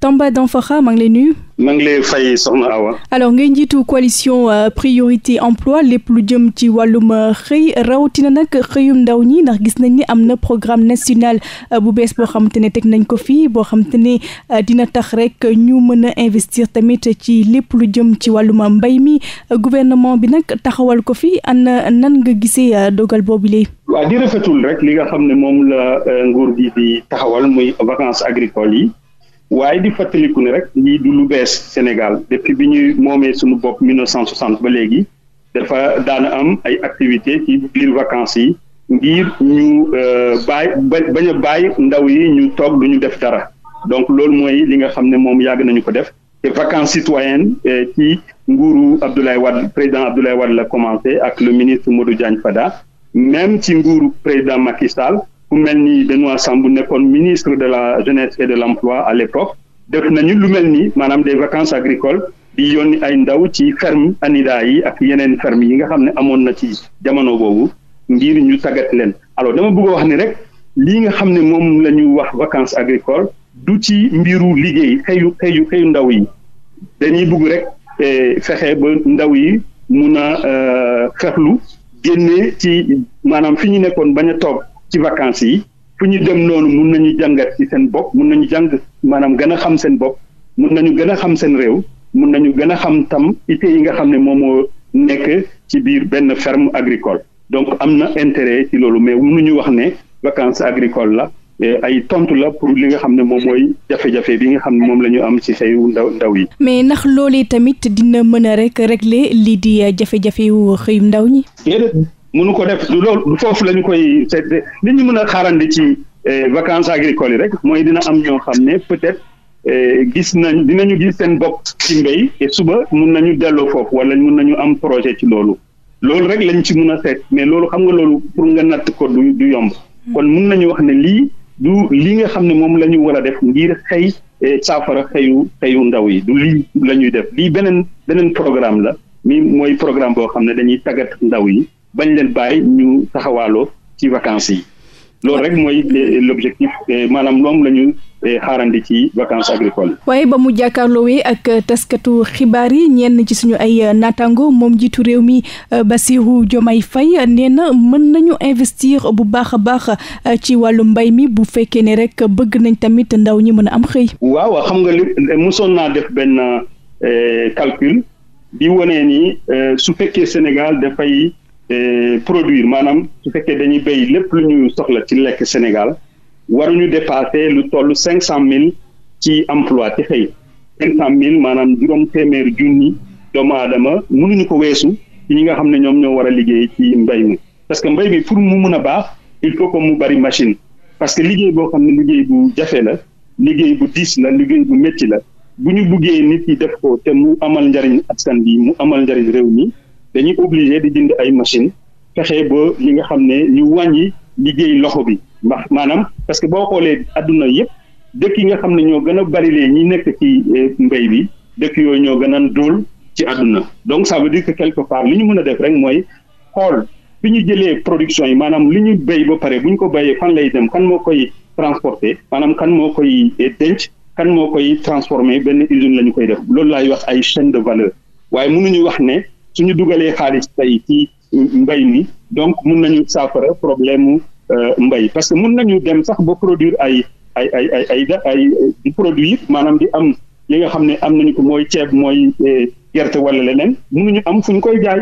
Tamba Danfakha maa ngi lay nuyu. maa ngi lay fay soxna Awa. alors ngay njiitu coalition euh, priorité emploi lépp lu jëm ci wàllum euh, xëy rawatina nag xëyum ndaw ñi ndax gis nañ ni am na programme national euh, bu bees boo xam te ne teg nañ ko fii boo xam te ne dina tax rek ñu mën a investir tamit ci lépp lu jëm ci wàllum mbay mi gouvernement bi nag taxawal ko fi ana nan nga gisee dogal boobu léegi. waa di rafetul rek li nga xam ne moom la nguur gi di taxawal muy vacances yi. waaye di fàttaliku ne rek lii du lu bees Sénégal depuis bi ñuy moomee suñu bopp 1960 ba léegi dafa daana am ay activités ci biir vacances yi ngir ñu euh, bàyyi bañ a bàyyi ndaw yi ñu toog du ñu def dara donc loolu mooy li nga xam ne moom yàgg nañu ko def te vacances citoyennes euh, ci nguuru Abdoulaye Wade président Abdoulaye Wade la commencé ak le ministre Modou Diagne Fada même ci nguuru président Macky ku mel ni Benoît Sambou nekkoon ministre de la jeunesse et de l'emploi à l'époque def nañu lu mel ni maanaam des vacances agricoles di yónni ay ndaw ci ferme anida yi ak yeneen ferme yi nga xam ne amoon na ci jamono boobu ngir ñu tàggat leen alors dama bëgg wax ni rek lii nga xam ne moom la ñu wax vacances agricoles du ci mbiru liggéey xëyu xëyu xëyu ndaw yi dañuy bëgg rek eh, fexe ba ndaw yi mun a fexlu euh, génne ci maanaam fi ñu nekkoon bañ a toog ci vacances yi fu ñu dem noonu mun nañu jàngat ci seen bopp mun nañu jàng maanaam gën a xam seen bopp mun nañu gën a xam seen réew mun nañu gën a xam tam ité yi nga xam ne moom moo nekk ci biir benn ferme agricole donc am na intérêt ci loolu mais mënuñu wax ne vacances agricole la ay tontu la pour li nga xam ne moom mooy jafe-jafe bi nga xam ne moom la ñu am ci say ndaw ndaw yi. mais ndax loolee tamit dina mën a rek régler lii di jafe-jafe wu xëyum ndaw ñi. déedéet mënu ko def du loolu du foofu la ñu koy seet li ñu mën a xaarandi ci eh, vacances agricoles yi rek mooy dina am ñoo xam ne peut-être eh, gis nañ dinañu gis seen bokk ci mbéy et suba mun nañu delloo foofu wala mun nañu am projet ci loolu loolu rek lañu ci mun a seet mais loolu xam nga loolu pour nga natt ko du du yomb hmm. kon mun nañu wax ne lii du lii nga xam ne moom la ñu war a def ngir xëy eh, saafara xëyu xëyu ndaw yi du lii la ñuy def lii beneen beneen programme la mi mooy programme boo xam ne dañuy tàggat ndaw yi bañ leen bàyyi ñu taxawaaloo ci vacances yi loolu rek mooy l' objectif maanaam loom la ñu xaarandi ci vacances agricoles waaye ba mu jàkkaarloowee ak taskatu xibaar yi ñenn ci suñu ay naataango moom jiitu réew mi euh, Bassirou Diomaye Faye nee na mën nañu investir bu baax a baax euh, ci wàllu mbay mi bu fekkee ne rek bëgg nañ tamit ndaw ñi mën a am xëy. waaw xam nga li mosoon naa def benn euh, calcul bi wonee ni su fekkee Sénégal dafay. Euh, produire maanaam su fekkee dañuy bay lépp lu ñu soxla ci lekk Sénégal waruñu dépasser lu tollu cinq cent mille ci emploi te xëy cinq cent mille maanaam juróom téeméer junni doomu aadama mënuñu ko weesu ci ñi nga xam ne ñoom ñoo war a liggéey ci mbay mi parce que mbay mi pour mu mun a baax il faut comme mu bari machine parce que liggéey boo xam ne liggéey bu jafe la liggéey bu diis la liggéey bu métti la bu ñu buggee nit yi def ko te mu amal njariñ askan bi mu amal njariñ réew mi dañuy obligé di jënd ay machine fexe ba li nga xam ne ñu wàññi liggéey loxo bi ndax maanaam parce que boo xoolee adduna yëpp dëkk yi nga xam ne ñoo gën a bari lee ñi nekk ci eh, mbéy bi dëkk yooyu ñoo gën a ndóol ci adduna donc ça veut dire que quelque part li ñu mën a def rek mooy xool fi ñu jëlee production yi maanaam li ñu béy ba pare bu ñu ko béyee fan lay dem kan moo koy transporter maanaam kan moo koy eh, denc kan moo koy transformer benn usine la ñu koy def loolu laay wax ay chaîne de valeur waaye mënuñu wax ne suñu dugalee xaalis tey ci euh, mbay mi donc mun nañu saafara problème mu euh, mbay parce que mun nañu dem sax ba produire ay ay ay ay ay ay di produire maanaam di am li nga xam ne am nañu ko mooy ceeb mooy euh, gerte wala leneen mun mënuñu am fu ñu koy jaay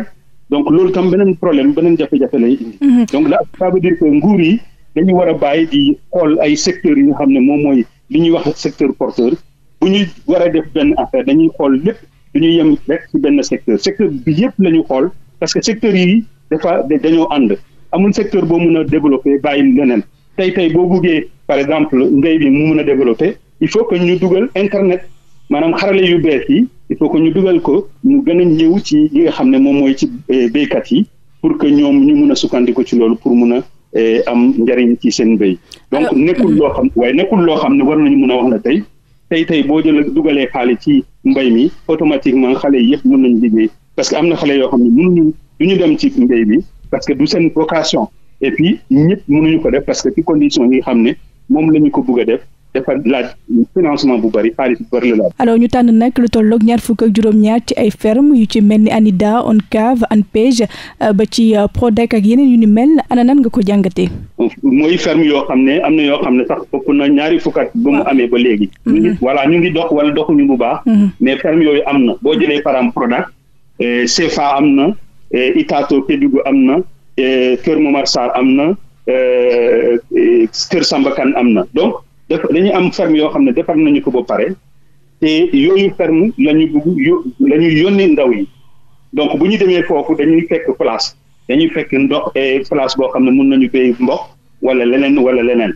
donc loolu tam beneen problème beneen jafe-jafe lay indi. Mm-hmm. donc là ça dire que nguur yi dañu war bàyyi di xool ay secteurs yi xam ne moom mooy li ñuy wax secteur porteur bu ñuy war a def benn affaire dañuy xool lépp. duñu yem rek ci benn secteur secteur bi yëpp la ñu xool parce que secteur yi dafa dañoo ànd amul secteur boo mun a développer bàyyi leneen tey tey boo buggee par exemple mbéy bi mu mun a développer il faut que ñu dugal internet maanaam xarale yu bees yi il faut que ñu dugal ko mu gën ñëw ci li nga xam ne moom mooy ci eh, béykat yi pour que ñoom ñu mun a sukkandiku ci loolu pour mun a eh, am njariñ ci seen béy donc nekkul loo xam waaye nekkul loo xam ne war nañu mun a wax na tey tey tey boo jël dugalee xaalis ci mbay mi automatiquement xale yëpp mën nañu liggéey parce que am na xale yoo xam ne mënuñu du ñu dem ci mbay mi parce que du seen vocation et puis ñëpp mënuñu ko def parce que ci condition yi xam ne moom lañu ko bëgg a def dafa laaj financement bu bari xaalis bu bari laaj. alors ñu tànn nag lu tolloog ñaar fukk juróom-ñaar ci ay ferme yu ci mel ni ANIDA ONCAV ANPEJ euh, ba ci euh, PRODAC ak yeneen yu ni mel ana nan nga ko jàngate mooy ferme yoo xam ne am na yoo xam ne sax ëpp na ñaari fukkat ba amee ba léegi. Mhm. voilà ñu ngi dox wala doxuñu bu baax. Mhm. mais ferme yooyu am na boo jëlee param PRODAC euh, CFA am na Itato Kédougou am na Kër Momar Sarr am na Kër Samba Kane am na def dañuy am ferme yoo xam ne defar nañu ko ba pare te yooyu ferme la ñu bugg yo lañuy ñuy ndaw yi donc bu ñu demee foofu dañuy fekk place dañuy fekk ndox eh, place boo xam ne mun nañu béy mboq wala leneen wala leneen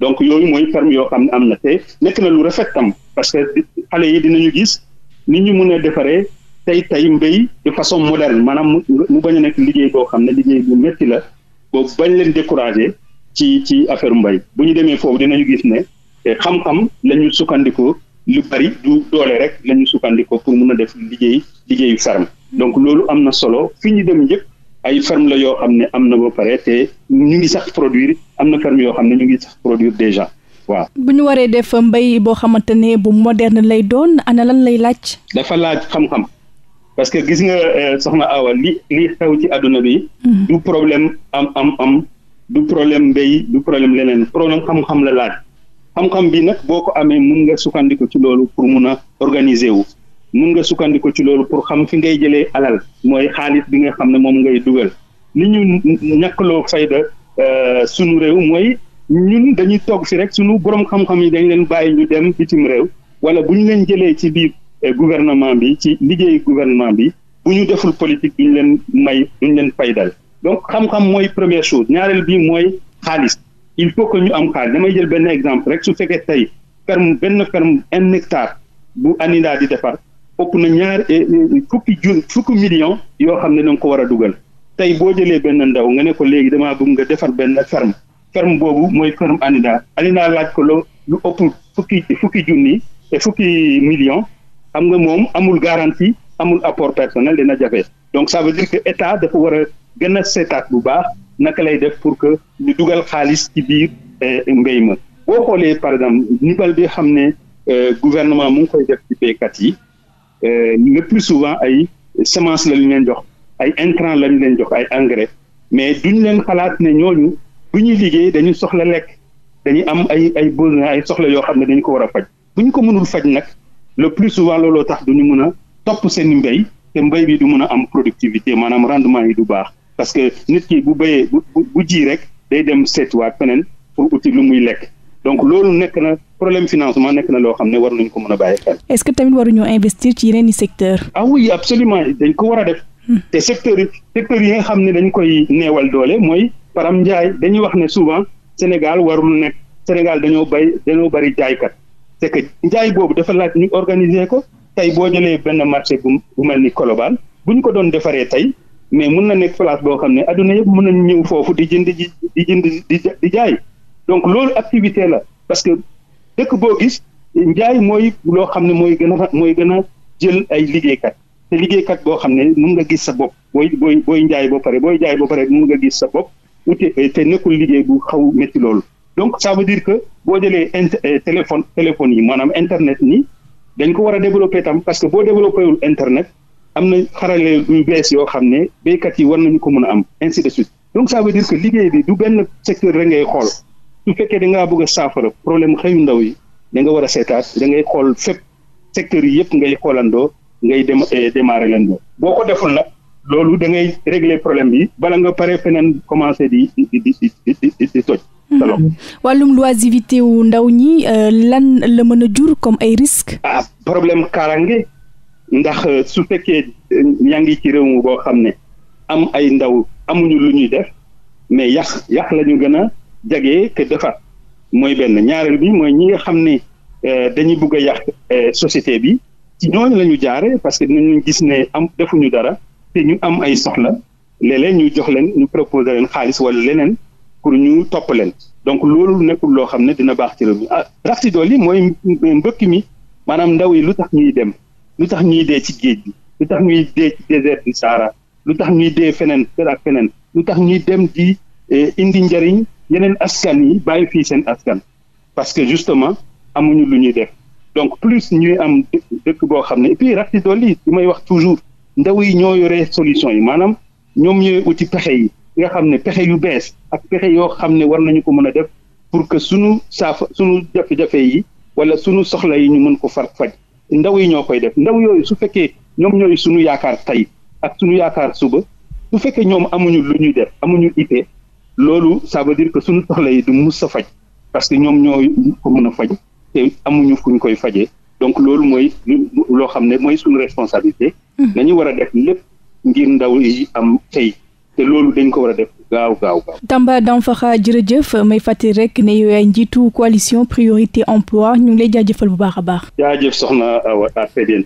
donc yooyu mooy ferme yoo xam ne am na te nekk na lu rafet tam parce que xale yi dinañu gis nit ñu mun a defaree tey tey mbéy de façon moderne maanaam mu bañ a nekk liggéey boo xam ne liggéey bu métti la boobu bañ leen découragé ci ci affaire mbay bu ñu demee foofu dinañu gis ne eh, xam-xam la sukkandikoo lu bari du doole rek la ñu sukkandikoo pour mun a def liggéey liggéeyu ferme donc loolu am na solo fi ñu dem yëpp ay ferme la yoo xam ne am na ba pare te ñu ngi sax produire am na ferme yoo xam ne ñu ngi sax produire déjà waaw. bu ñu waree def mbay boo xamante ne bu moderne lay doon ana lan lay laaj. dafa laaj xam-xam parce que gis nga eh, soxna Awa li li xew ci àdduna bi. Hmm. du problème du problème mbéy du problème leneen problème xam-xam la laaj xam-xam bi nag boo ko amee mun nga sukkandiku ci loolu pour mun a organiser wu mun nga sukkandiku ci loolu pour xam fi ngay jëlee alal mooy xaalis bi nga xam ne moom ngay dugal li ñu ñàkkloo fayda euh, sunu réew mooy ñun dañuy toog fi rek sunu borom xam-xam yi dañ leen bàyyi ñu dem bitim réew wala bu ñu leen jëlee ci biir euh, gouvernement bi ci liggéey gouvernement bi bu ñu deful politique duñ leen may duñ leen faydal donc xam-xam mooy première chose ñaareel bi mooy xaalis il faut que ñu am xaalis damay jël benn exemple rek su fekkee tey ferme benn ferme un hectare bu ANIDA di defar ëpp na ñaar eh, eh, fukki ju fukki million yoo xam ne da ko war a dugal tey boo jëlee benn ndaw nga ne ko léegi damaa bëgg nga defar benn ferme ferme boobu mooy ferme ANIDA ANIDA laaj ko loo lu ëpp fukki fukki yi te fukki million xam nga moom amul garantie amul apport personnel dina jafe donc ça veut dire que gën a seetaat bu baax naka lay def pour que ñu dugal xaalis ci biir eh, mbéy ma boo xoolee par exemple nibal bi xam ne eh, gouvernement mu ngi koy def ci béykat yi eh, le plus souvent ay semence la ñu leen jox ay intrant la ñu leen jox ay engrais mais duñ leen xalaat ne ñooñu bu ñuy liggéey dañu soxla lekk dañuy am ay ay besoin ay soxla yoo xam ne dañu ko war a faj bu ñu ko mënul faj nag le plus souvent looloo tax duñu mën a topp seen mbéy te mbéy bi du mën a am productivité maanaam rendement yi du baax parce que nit ki bu bayee bu bu ji rek day dem seetuwaat feneen pour uti lu muy lekk donc loolu nekk na problème financement nekk na loo xam ne war nañu ko mën a bàyyi xel. est-ce que tamit ñoo investir ci yeneen i secteurs. ah oui absolument dañ ko war a def. Hmm. te secteur yi secteurs yi nga xam ne dañu koy neewal doole mooy param njaay dañuy wax ne souvent Sénégal warul nekk Sénégal dañoo bay dañoo bari jaaykat c'est que njaay boobu dafa laaj ñu organiser ko tey boo jëlee benn marché bu bu mel ni Colobane bu ñu ko doon defaree tey mais mun na nekk place boo xam ne adduna yëpp mën na ñëw foofu di jënd di jënd di jaay donc loolu activité la parce que dëkk bo gis njaay mooy loo xam ne mooy gën a mooy gën a jël ay liggéeykat te liggéeykat boo xam ne mun nga gis sa bopp booy booy booy njaay ba pare booy jaay ba pare mun nga gis sa bopp te nekkul liggéey bu xaw métti loolu donc ça veut dire que boo jëlee eh, téléphone téléphone yi maanaam internet ni dañ ko war a développer tam parce que boo développé wul internet am na xarale yu bees yoo xam ne baykat yi war nañu ko mën a am ainsi de suite donc ça veut dire que liggéey bi du benn secteur rek ngay xool su fekkee da ngaa bëgg a saafara problème xëyu ndaw yi da nga war a seetaat da ngay xool fépp secteurs yi yëpp ngay xoolandoo ngay dem eh, démarrer leen doo boo ko deful nag loolu da ngay régler problème bi bala nga pare feneen commencé di di di di di toj. Mhm. wàllum loisivité wu ndaw ñi euh, lan la mën a jur comme ay risques. ah problème kaaraange. ndax euh, su fekkee euh, yaa ngi ci réew mi boo xam ne am ay ndaw amuñu lu ñuy def mais yàq yàq la ñu gën a jagee que defar mooy benn ñaareel bi mooy ñi nga xam ne euh, dañuy bugg a yàq société bi ci ñooñu la ñu jaare parce que ñu gis ne am ñu dara te ñu am ay soxla léeg-léeg ñu jox leen ñu proposer leen xaalis wala leneen pour ñu topp leen donc loolu nekkul loo xam ne dina baax ci réew mi ah rax ci dool yi mooy mbëkk mi maanaam ndaw yi lu tax ñuy dem lu tax ñuy dee ci géej bi lu tax ñuy dee ci désert du Sahara lu tax ñuy dee feneen feneen ak feneen lu tax ñuy dem di eh, indi njëriñ yeneen askan yi bàyyi fii seen askan parce que justement amuñu lu ñuy def donc plus ñuy am dëkk boo xam ne et puis rax ci dolli li may wax toujours ndaw yi ñoo yore solution yi maanaam ñoom ñooy uti pexe yi nga xam ne pexe yu bees ak pexe yoo xam ne war nañu ko mën a def pour que suñu saafa sunu jafe-jafe yi wala sunu soxla yi ñu mën ko far ndaw yi ñoo koy def ndaw yooyu su fekkee ñoom ñooy suñu yaakaar tey ak suñu yaakaar suba su fekkee ñoom amuñu lu ñuy def amuñu ite loolu ça veut dire que suñu soxla yi du mus sa faj parce que ñoom ñooy ko mën a faj te amuñu ñu koy fajee donc loolu mooy loo xam ne mooy suñu responsabilité nañu war a def lépp ngir ndaw yi am tey loolu dañ ko war a def gaaw gaaw gaaw. Tamba Danfakha jërëjëf may fàttali rek ne yow yaay njiitu coalition priorité emploi ñu ngi lay jaajëfal bu baax a baax. jaajëf soxna